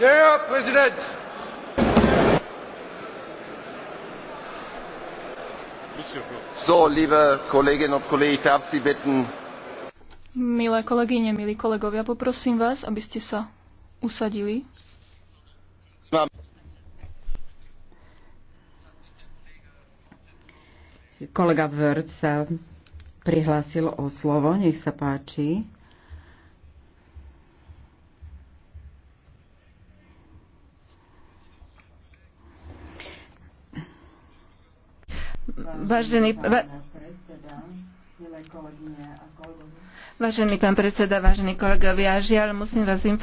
Herr Präsident! So, liebe Kolleginnen und Kollegen, darf Sie bitten. Milé kolegyne, milí kolegovia, poprosím vás, aby ste sa usadili. Kolega Vörd sa prihlásil o slovo, nech sa páči. Vážený, va... Vážený pán predseda, vážení kolegovia, žiaľ, musím vás informovať,